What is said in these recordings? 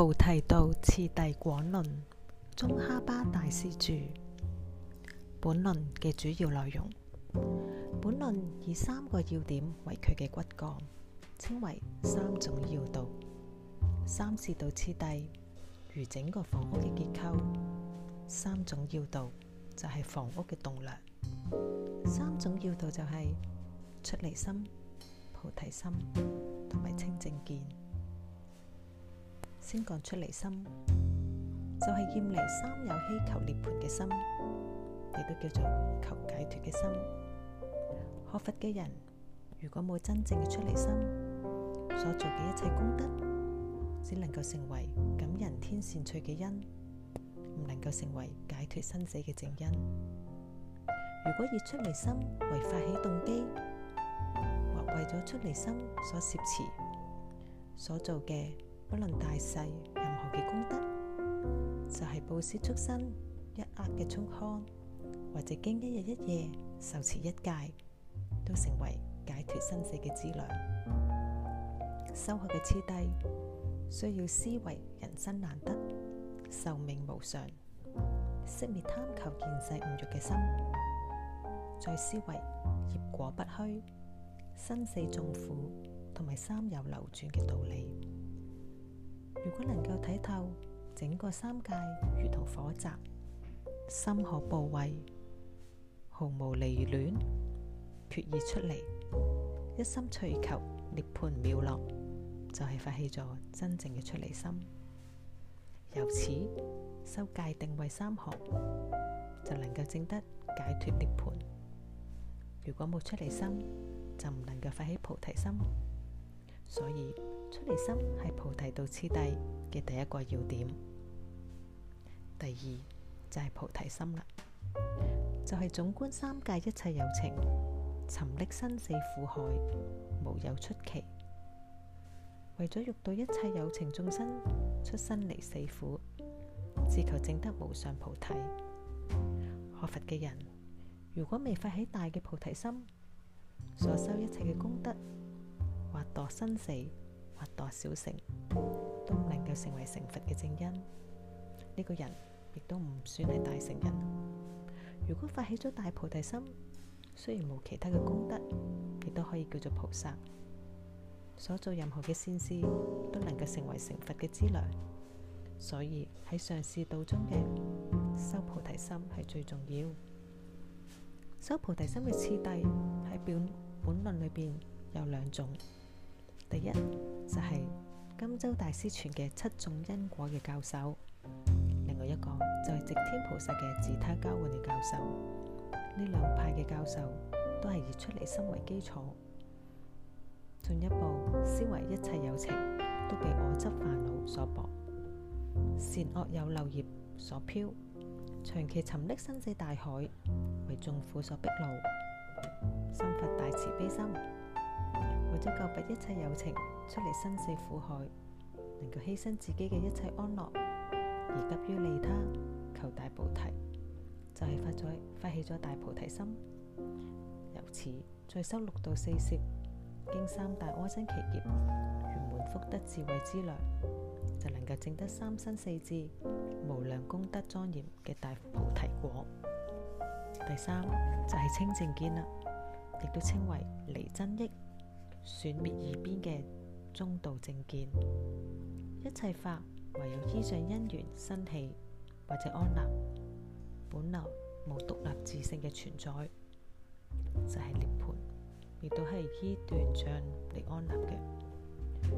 菩提道次第廣論，宗喀巴大師著。本論嘅主要內容，本論以三個要點為佢嘅骨幹，稱為三種要道。三士道次第，如整個房屋嘅結構，三種要道就係房屋嘅棟樑。三種要道就係出離心、菩提心同埋清淨見。先講出離心，就係厭離三有希求涅槃嘅心，亦都叫做求解脫嘅心。學佛嘅人如果冇真正嘅出離心，所做嘅一切功德，只能夠成為感人天善趣嘅因，唔能夠成為解脫生死嘅正因。如果以出離心為發起動機，或為咗出離心所攝持所做嘅。不論大細，任何嘅功德，就係布施、畜生、一壓嘅沖康，或者經一日一夜受持一戒，都成為解脫生死嘅資糧。修學嘅次第需要思維人生難得、壽命無常、熄滅貪求見世唔欲嘅心，再思維業果不虛、生死眾苦同埋三有流轉嘅道理。如果能夠睇透整個三界如同火宅，心河暴位，毫無離亂，決意出離，一心趣求涅槃妙樂，就係、是、發起咗真正嘅出離心。由此修戒定慧三學，就能夠證得解脫涅槃。如果冇出離心，就唔能夠發起菩提心。所以出離心係菩提道次第嘅第一個要點。第二就係、是、菩提心啦，就係、是、總觀三界一切有情，沉溺生死苦海，無有出期，為咗欲度一切有情眾生，出生離死苦，自求證得無上菩提。學佛嘅人如果未發起大嘅菩提心，所修一切嘅功德。生死或墮小乘，都唔能夠成為成佛嘅正因。呢、這個人亦都唔算係大乘人。如果發起咗大菩提心，雖然冇其他嘅功德，亦都可以叫做菩薩。所做任何嘅善事，都能夠成為成佛嘅資糧。所以喺上士道中嘅修菩提心係最重要。修菩提心嘅次第喺本本論裏邊有兩種。第一就係、是、金洲大師傳嘅七種因果嘅教授，另外一個就係寂天菩薩嘅自他交換嘅教授。呢兩派嘅教授都係以出離心為基礎，進一步思維一切有情都被我執煩惱所縛，善惡有漏業所漂，長期沉溺生死大海，為眾苦所逼惱，心發大慈悲心。為咗救拔一切友情，出嚟生死苦海，能夠犧牲自己嘅一切安樂而急於利他，求大菩提，就係發咗發起咗大菩提心。由此再修六度四攝，經三大阿僧祇劫圓滿福德智慧之糧，就能夠證得三身四智無量功德莊嚴嘅大菩提果。第三就係清淨見啦，亦都稱為離真益。損滅二邊嘅中道正見，一切法唯有依仗因緣生起，或者安立本來冇獨立自性嘅存在，就係涅槃，亦都係依斷相嚟安立嘅。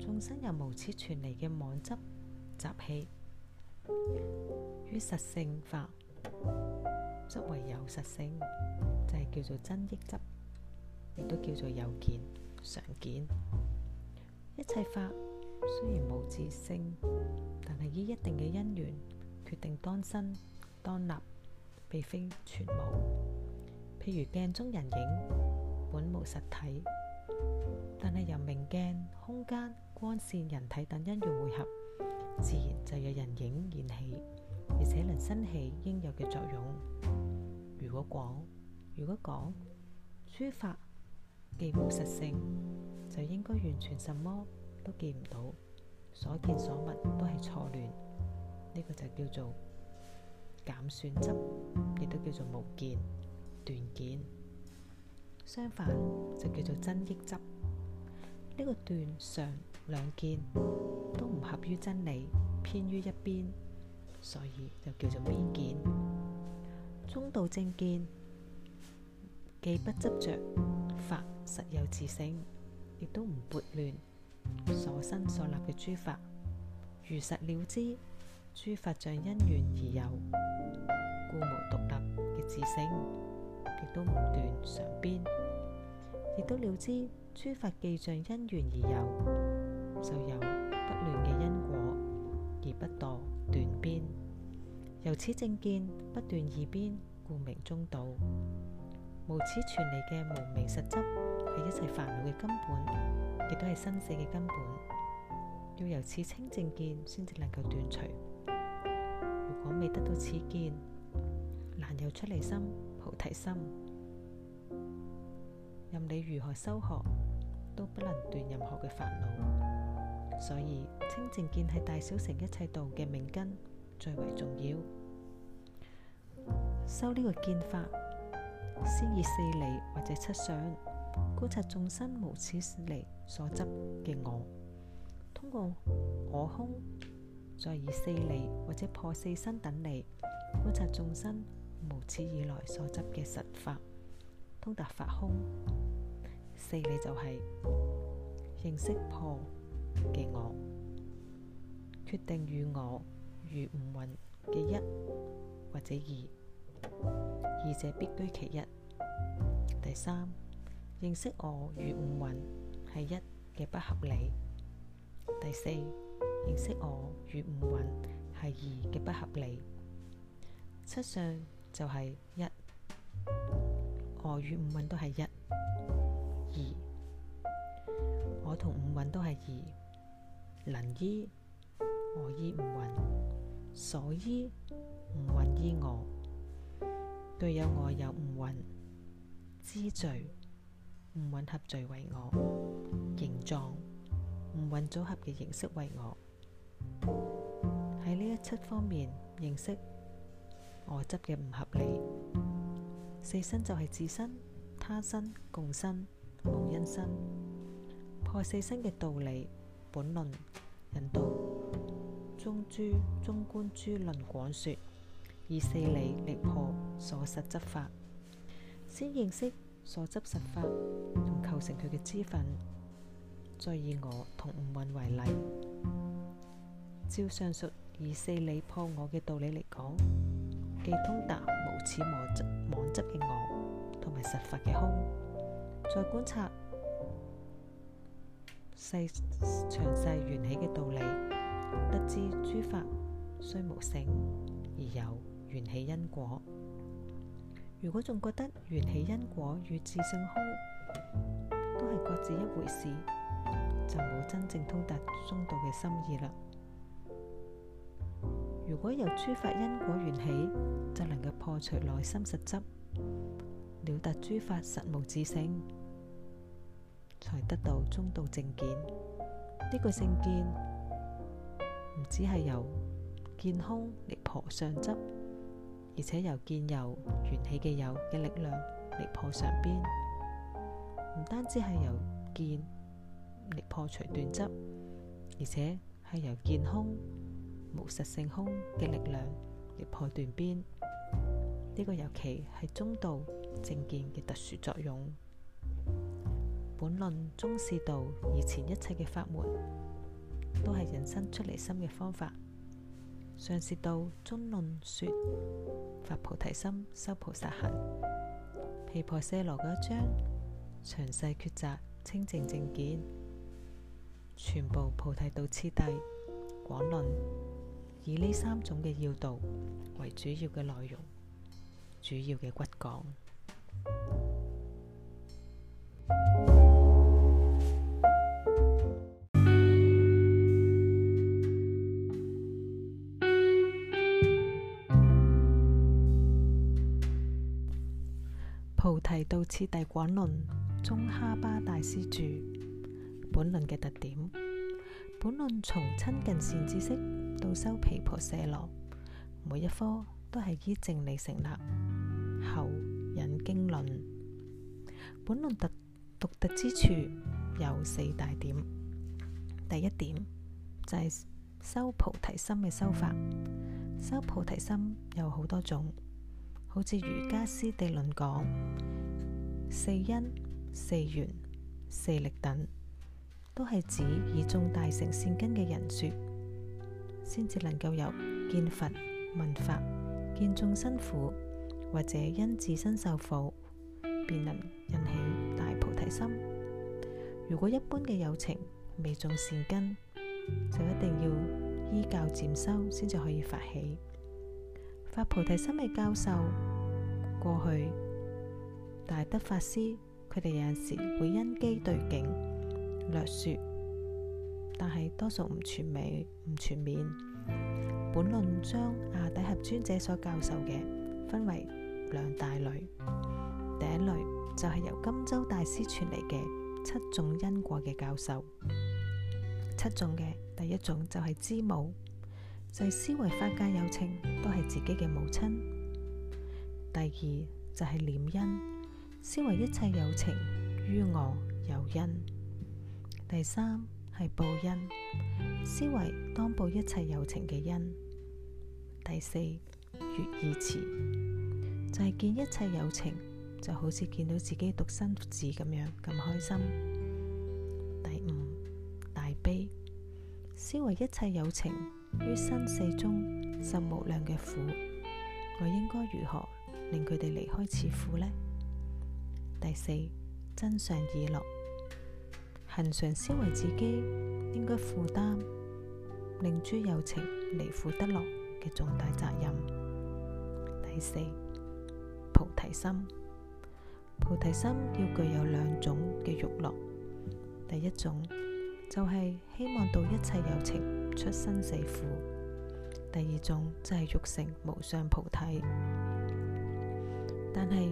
眾生有無始傳嚟嘅妄執習氣，於實性法則為有實性，就係叫做真益執，亦都叫做有見。常見一切法雖然無自性，但係以一定嘅因緣決定當身、當立，並非全無。譬如鏡中人影本無實體，但係由明鏡、空間、光線、人體等因緣匯合，自然就有人影現起，而且能生起應有嘅作用。如果講，如果講諸法，既冇實性，就應該完全什麼都見唔到，所見所聞都係錯亂，呢個就叫做減損執，亦都叫做無見斷見。相反就叫做增益執，呢個斷常兩見都唔合於真理，偏於一邊，所以就叫做偏見。中道正見既不執着，實有自性，亦都唔撥亂所生所立嘅諸法。如實了知，諸法像因緣而有，故無獨立嘅自性，亦都唔斷常邊。亦都了知，諸法既像因緣而有，就有不亂嘅因果，而不墮斷邊。由此正見不斷二邊，故名中道。無始傳嚟嘅無明實執。係一切煩惱嘅根本，亦都係生死嘅根本。要由此清淨見，先至能夠斷除。如果未得到此見，難有出離心、菩提心。任你如何修學，都不能斷任何嘅煩惱。所以，清淨見係大小乘一切道嘅命根，最為重要。修呢個見法，先以四離或者七相。觀察眾生無始嚟，所執嘅我，通過我空，再以四理或者破四身等理觀察眾生無始以來所執嘅實法，通達法空。四理就係、是、認識破嘅我，決定與我如五蘊嘅一或者二，二者必居其一。第三，認識我與五蘊係一嘅不合理。第四，認識我與五蘊係二嘅不合理。七相就係一，我與五蘊都係一、二。我同五蘊都係二，能依我依五蘊，所依五蘊依我，既有我有五蘊之罪。唔混合聚為我形狀，唔混組合嘅形式為我。喺呢一七方面認識我執嘅唔合理，四身就係自身、他身、共身、無因身，破四身嘅道理。本論引導中諸中觀諸論廣說，以四理力破所實執法，先認識。所執實法，同構成佢嘅資分，再以我同五蘊為例，照上述以四理破我嘅道理嚟講，既通達無始無妄執嘅我，同埋實法嘅空，再觀察細詳細緣起嘅道理，得知諸法雖無性而有緣起因果。如果仲覺得緣起因果與自性空都係各自一回事，就冇真正通達中道嘅心意啦。如果由諸法因果緣起，就能夠破除內心實執，了達諸法實無自性，才得到中道正見。呢個正見唔只係由見空而破相執。而且由見由緣起嘅有嘅力量嚟破上邊，唔單止係由見嚟破除斷執，而且係由見空無實性空嘅力量嚟破斷邊。呢個尤其係中道正見嘅特殊作用。本論中士道以前一切嘅法門，都係引申出離心嘅方法。上士道中論說發菩提心修菩薩行，毗婆舍羅嗰一章詳細抉擇清淨正見，全部菩提道次第廣論以呢三種嘅要道為主要嘅內容，主要嘅骨幹。提到次第廣論中喀巴大師著本論嘅特點，本論從親近善知識到修毗婆舍那，每一科都係依正理成立後引經論。本論特獨特之處有四大點，第一點就係、是、修菩提心嘅修法，修菩提心有好多種。好似瑜伽師地論講，四因、四緣、四力等，都係指已種大成善根嘅人說，先至能夠由見佛問法，見眾生苦，或者因自身受苦，便能引起大菩提心。如果一般嘅友情未種善根，就一定要依教漸修，先至可以發起。法菩提心嘅教授過去大德法師，佢哋有陣時會因機對境略說，但係多數唔全美，唔全面。本論將阿底合尊者所教授嘅分為兩大類，第一類就係由金洲大師傳嚟嘅七種因果嘅教授，七種嘅第一種就係知母。就係思維法界有情都係自己嘅母親。第二就係念恩，思維一切有情於我有恩。第三係報恩，思維當報一切有情嘅恩。第四悅意慈，就係見一切有情就好似見到自己獨生子咁樣咁開心。第五大悲，思維一切有情。於生死中受無量嘅苦，我應該如何令佢哋離開此苦呢？第四，增上意樂，恒常思維自己應該負擔令諸有情離苦得樂嘅重大責任。第四，菩提心，菩提心要具有兩種嘅欲樂，第一種。就係希望到一切有情出生死苦。第二種就係、是、欲成無上菩提。但係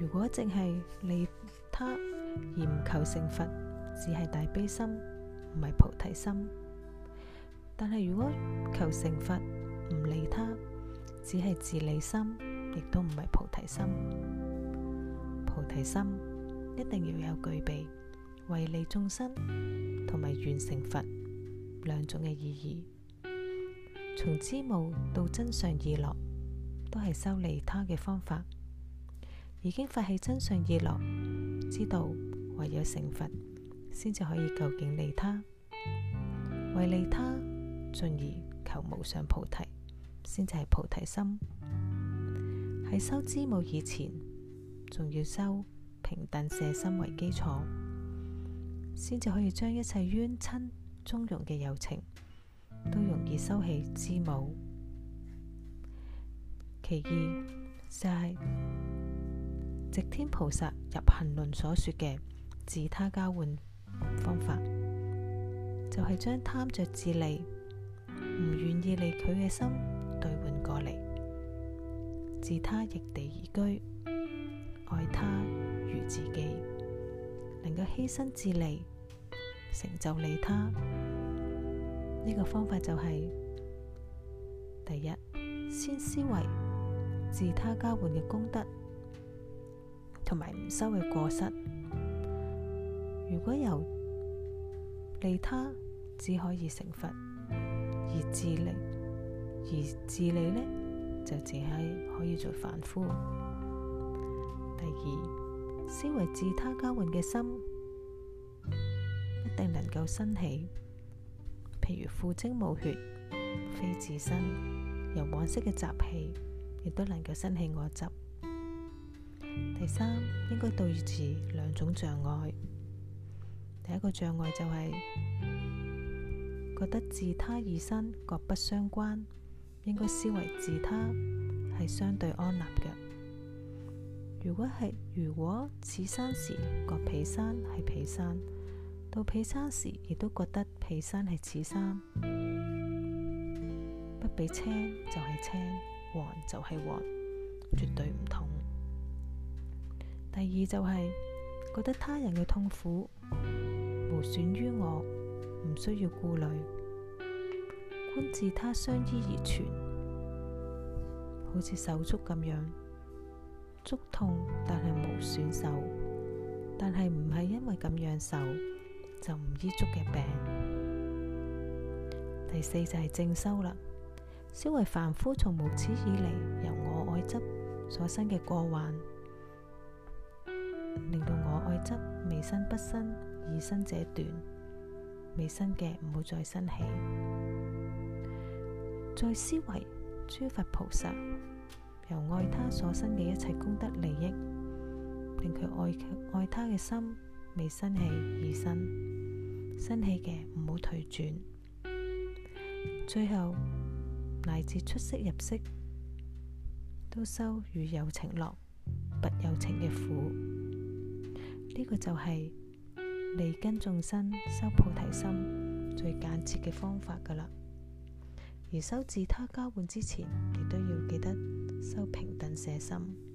如果淨係利他而唔求成佛，只係大悲心，唔係菩提心。但係如果求成佛唔利他，只係自利心，亦都唔係菩提心。菩提心一定要有具備，為利眾生。同埋完成佛兩種嘅意義，從知母到真相意樂，都係修利他嘅方法。已經發起真相意樂，知道唯有成佛先至可以究竟利他，為利他進而求無上菩提，先至係菩提心。喺修知母以前，仲要修平等捨心為基礎。先至可以將一切冤親宗族嘅友情都容易收起之母。其二就係、是《直天菩薩入行論》所說嘅自他交換方法，就係將貪着自利唔願意離佢嘅心兌換過嚟，自他易地而居，愛他如自己。能夠犧牲自利，成就利他，呢、這個方法就係、是、第一，先思維自他交換嘅功德，同埋唔修嘅過失。如果由利他只可以成佛，而自利而自利呢，就淨係可以做凡夫。第二。思維自他交換嘅心，一定能夠生起。譬如父精母血非自身，由往昔嘅習氣，亦都能夠生起我執。第三，應該對治兩種障礙。第一個障礙就係、是、覺得自他二身各不相關，應該思維自他係相對安立嘅。如果係，如果此山時覺彼山係彼山，到彼山時亦都覺得彼山係此山，不比青就係青，黃就係黃，絕對唔同。第二就係、是、覺得他人嘅痛苦無損於我，唔需要顧慮，觀自他相依而存，好似手足咁樣。足痛，但係冇損手，但係唔係因為咁樣手，就唔醫足嘅病。第四就係正修啦，思維凡夫從無始以來由我愛執所生嘅過患，令到我愛執未生不生，已生者斷，未生嘅唔好再生起。再思維諸佛菩薩。由愛他所生嘅一切功德利益，令佢愛愛他嘅心未生起而生，生起嘅唔好退轉。最後，乃至出色入息，都收與有情樂，不有情嘅苦。呢個就係利根眾生修菩提心最簡潔嘅方法㗎喇。而修自他交換之前，亦都要記得，收、so, 平等捨心。